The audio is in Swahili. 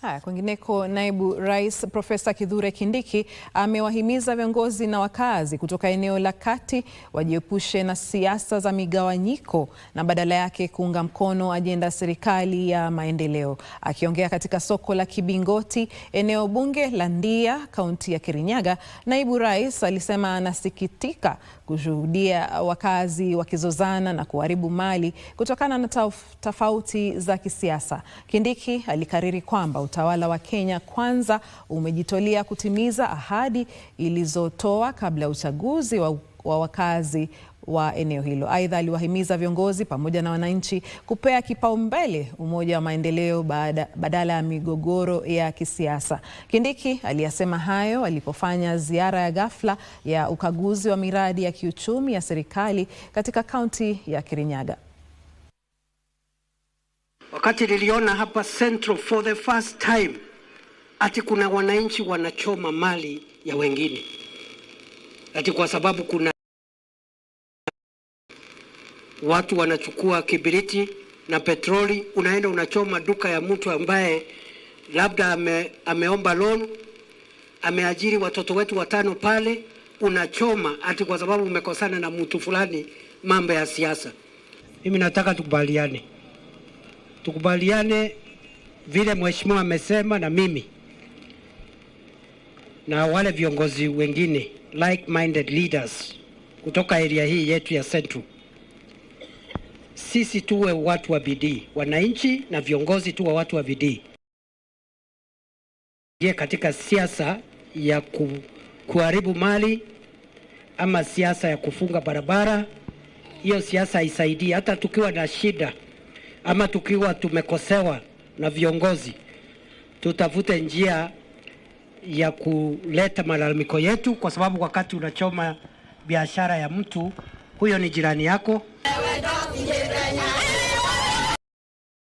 Haya, kwingineko, naibu rais Profesa Kithure Kindiki amewahimiza viongozi na wakazi kutoka eneo la kati wajiepushe na siasa za migawanyiko na badala yake kuunga mkono ajenda ya serikali ya maendeleo. Akiongea katika soko la Kibingoti, eneo bunge la Ndia, kaunti ya Kirinyaga, naibu rais alisema anasikitika kushuhudia wakazi wakizozana na kuharibu mali kutokana na tofauti za kisiasa. Kindiki alikariri kwamba utawala wa Kenya Kwanza umejitolea kutimiza ahadi ilizotoa kabla ya uchaguzi wa, wa wakazi wa eneo hilo. Aidha, aliwahimiza viongozi pamoja na wananchi kupea kipaumbele umoja wa maendeleo badala ya migogoro ya kisiasa. Kindiki aliyasema hayo alipofanya ziara ya ghafla ya ukaguzi wa miradi ya kiuchumi ya serikali katika kaunti ya Kirinyaga. Wakati niliona hapa Central for the first time ati kuna wananchi wanachoma mali ya wengine ati kwa sababu kuna watu wanachukua kibiriti na petroli, unaenda unachoma duka ya mtu ambaye labda ame, ameomba loan, ameajiri watoto wetu watano pale, unachoma ati kwa sababu umekosana na mtu fulani, mambo ya siasa. Mimi nataka tukubaliane tukubaliane vile mheshimiwa amesema, na mimi na wale viongozi wengine like minded leaders kutoka area hii yetu ya Central, sisi tuwe watu wa bidii, wananchi na viongozi tuwe watu wa bidii katika siasa ya ku, kuharibu mali ama siasa ya kufunga barabara. Hiyo siasa haisaidii. Hata tukiwa na shida ama tukiwa tumekosewa na viongozi, tutafute njia ya kuleta malalamiko yetu, kwa sababu wakati unachoma biashara ya mtu huyo, ni jirani yako.